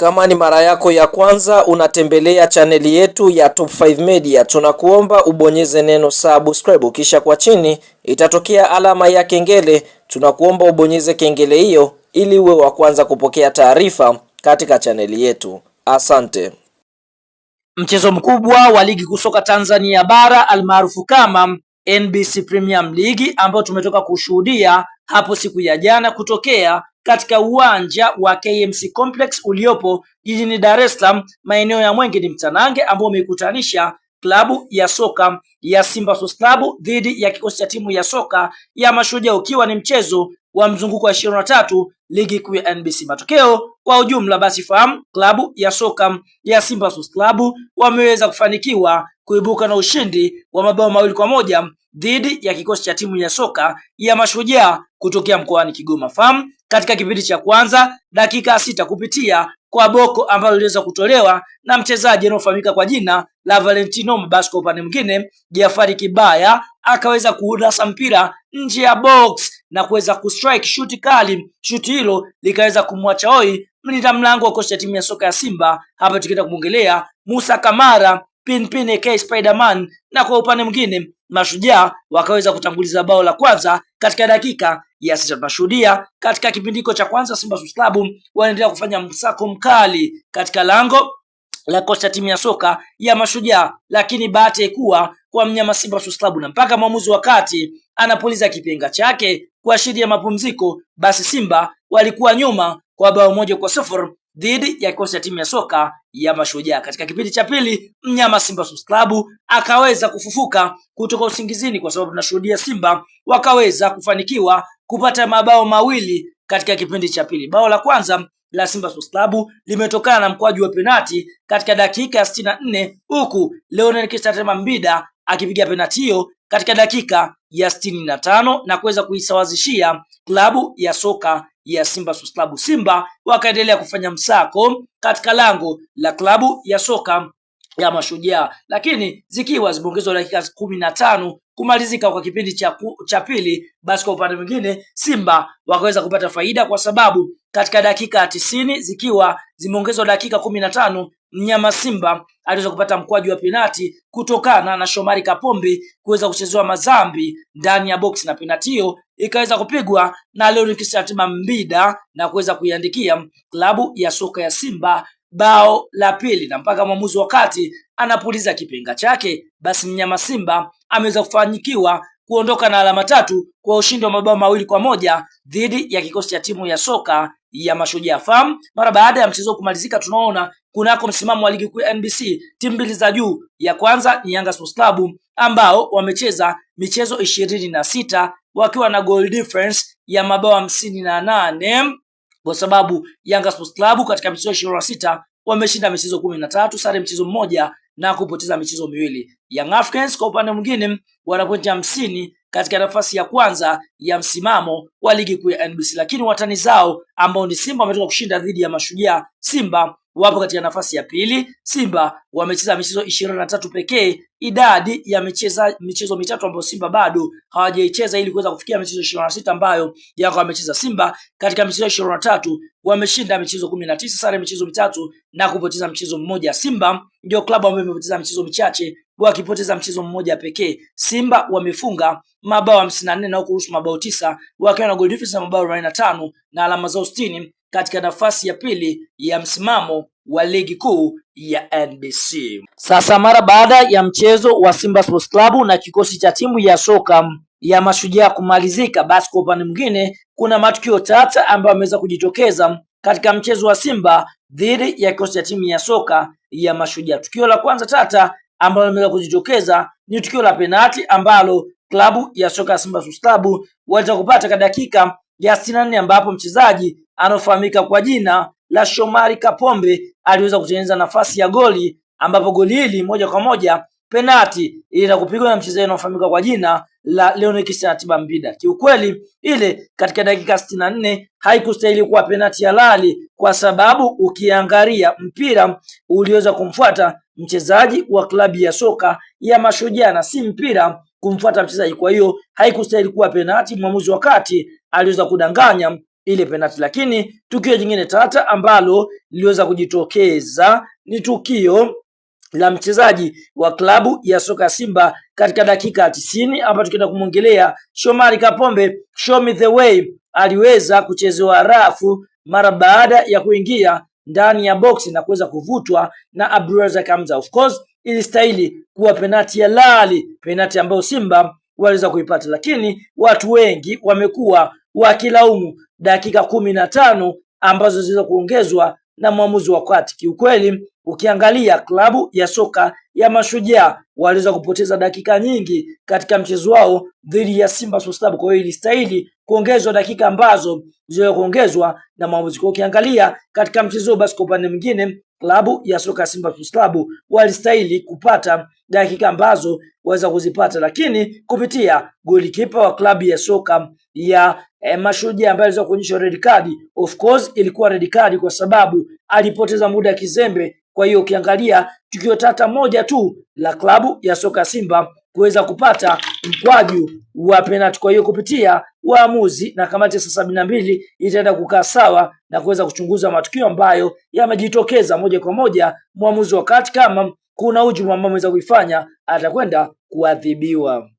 Kama ni mara yako ya kwanza unatembelea chaneli yetu ya Top 5 Media, tunakuomba ubonyeze neno subscribe, kisha kwa chini itatokea alama ya kengele. Tunakuomba ubonyeze kengele hiyo ili uwe wa kwanza kupokea taarifa katika chaneli yetu. Asante. Mchezo mkubwa wa ligi kusoka Tanzania bara almaarufu kama NBC Premium League ambao tumetoka kushuhudia hapo siku ya jana kutokea katika uwanja wa KMC Complex uliopo jijini Dar es Salaam maeneo ya Mwenge. Ni mtanange ambao umeikutanisha klabu ya soka ya Simba Sports Club dhidi ya kikosi cha timu ya soka ya Mashujaa, ukiwa ni mchezo wa mzunguko wa ishirini na tatu ligi kuu ya NBC. Matokeo kwa ujumla basi fahamu, klabu ya soka ya Simba Sports Club wameweza kufanikiwa kuibuka na ushindi wa mabao mawili kwa moja dhidi ya kikosi cha timu ya soka ya Mashujaa kutokea mkoani Kigoma. Fahamu katika kipindi cha kwanza dakika sita kupitia kwa boko ambalo liliweza kutolewa na mchezaji anayofahamika kwa jina la Valentino Mabasco. Upande mwingine, Jafari Kibaya akaweza kuudasa mpira nje ya box na kuweza kustrike shuti kali. Shuti hilo likaweza kumwacha hoi mlinda mlango wa kocha ya timu ya soka ya Simba. Hapa tukienda kumwongelea Musa Kamara Pinpin AK Spiderman, na kwa upande mwingine Mashujaa wakaweza kutanguliza bao la kwanza katika dakika ya sita. Tunashuhudia katika kipindiko cha kwanza Simba Sports Club wanaendelea kufanya msako mkali katika lango la kocha timu ya soka ya Mashujaa, lakini bahati kuwa kwa mnyama Simba Sports Club, na mpaka mwamuzi wakati anapuliza kipenga chake kuashiria mapumziko, basi Simba walikuwa nyuma kwa bao moja kwa sifuri dhidi ya kikosi cha timu ya soka ya Mashujaa. Katika kipindi cha pili, mnyama Simba Sports Club akaweza kufufuka kutoka usingizini, kwa sababu tunashuhudia Simba wakaweza kufanikiwa kupata mabao mawili katika kipindi cha pili. Bao la kwanza la Simba Sports Club limetokana na mkwaju wa penati katika dakika ya sitini na nne huku Leonel Kistatema Mbida akipiga penati hiyo katika dakika ya sitini na tano na kuweza kuisawazishia klabu ya soka ya Simba Sports Club. Simba wakaendelea kufanya msako katika lango la klabu ya soka ya Mashujaa, lakini zikiwa zimeongezwa dakika kumi na tano kumalizika kwa kipindi cha, cha pili, basi kwa upande mwingine Simba wakaweza kupata faida kwa sababu katika dakika tisini zikiwa zimeongezwa dakika kumi na tano mnyama Simba aliweza kupata mkwaju wa penati kutokana na Shomari Kapombe kuweza kuchezewa mazambi ndani ya box na penati hiyo ikaweza kupigwa na Leonicus Kisatima Mbida na kuweza kuiandikia klabu ya soka ya Simba bao la pili, na mpaka mwamuzi wakati anapuliza kipenga chake, basi mnyama Simba ameweza kufanikiwa kuondoka na alama tatu kwa ushindi wa mabao mawili kwa moja dhidi ya kikosi cha timu ya soka ya Mashujaa Farm. Mara baada ya mchezo kumalizika, tunaona kunako msimamo wa ligi kuu ya NBC timu mbili za juu, ya kwanza ni Yanga Sports Club ambao wamecheza michezo ishirini na sita wakiwa na goal difference ya mabao hamsini na nane kwa sababu Yanga Sports Club katika michezo ishirini na sita wameshinda michezo kumi na tatu, sare mchezo mmoja na kupoteza michezo miwili. Young Africans kwa upande mwingine wana pointi hamsini katika nafasi ya kwanza ya msimamo wa ligi kuu ya NBC, lakini watani zao ambao ni Simba wametoka kushinda dhidi ya Mashujaa. Simba wapo katika nafasi ya pili. Simba wamecheza michezo ishirini na tatu pekee, idadi ya micheza, michezo mitatu ambayo Simba bado hawajaicheza ili kuweza kufikia michezo ishirini na sita ambayo yako wamecheza. Simba katika michezo ishirini na tatu wameshinda michezo kumi na tisa, sare michezo mitatu na kupoteza mchezo mmoja. Simba ndio klabu ambayo imepoteza michezo michache wakipoteza akipoteza mchezo mmoja pekee. Simba wamefunga mabao hamsini na nne na kuruhusu mabao tisa wakiwa na goal difference ya mabao arobaini na tano na alama zao sitini katika nafasi ya pili ya msimamo wa ligi kuu ya NBC. Sasa mara baada ya mchezo wa Simba Sports Club na kikosi cha timu ya soka ya Mashujaa kumalizika, basi kwa upande mwingine kuna matukio tata ambayo yameweza kujitokeza katika mchezo wa Simba dhidi ya kikosi cha timu ya soka ya Mashujaa. Tukio la kwanza tata ambalo limeweza kujitokeza ni tukio la penati ambalo klabu ya soka ya Simba Sports Club waliweza kupata katika dakika ya 64 nne ambapo mchezaji anaofahamika kwa jina la Shomari Kapombe aliweza kutengeneza nafasi ya goli ambapo goli hili moja kwa moja penati kupigwa na mchezaji anaofahamika kwa jina la Christian Atiba Mbida. Kiukweli ile katika dakika 64 na nne haikustahili kuwa penati halali, kwa sababu ukiangalia mpira uliweza kumfuata mchezaji wa klabu ya soka ya Mashujaa na si mpira kumfuata mchezaji. Kwa hiyo haikustahili kuwa penati. Mwamuzi wa kati aliweza kudanganya ile penati. Lakini tukio jingine tata ambalo liliweza kujitokeza ni tukio la mchezaji wa klabu ya soka Simba katika dakika tisini ambayo tukienda kumwongelea Shomari Kapombe, show me the way, aliweza kuchezewa rafu mara baada ya kuingia ndani ya boksi na kuweza kuvutwa na Abdulrazak Hamza. Of course ilistahili kuwa penati lali, penati ambayo Simba waliweza kuipata, lakini watu wengi wamekuwa wakilaumu dakika kumi na tano ambazo ziliweza kuongezwa na mwamuzi wa kati. Kiukweli, ukiangalia klabu ya soka ya Mashujaa waliweza kupoteza dakika nyingi katika mchezo wao dhidi ya Simba Sports Club. Kwa hiyo ilistahili kuongezwa dakika ambazo ziliweza kuongezwa na mwamuzi. Kwa ukiangalia katika mchezo basi, kwa upande mwingine klabu ya soka Simba Sports Club walistahili kupata dakika ambazo waweza kuzipata, lakini kupitia golikipa wa klabu ya soka ya eh, Mashujaa ambaye aliweza kuonyeshwa red card. Of course ilikuwa red card kwa sababu alipoteza muda kizembe. Kwa hiyo ukiangalia tukio tata moja tu la klabu ya soka Simba kuweza kupata mkwaju wa penalti. Kwa hiyo kupitia waamuzi na kamati ya saa sabini na mbili itaenda kukaa sawa na kuweza kuchunguza matukio ambayo yamejitokeza moja kwa moja. Mwamuzi wa kati kama kuna hujuma ambayo ameweza kuifanya atakwenda kuadhibiwa.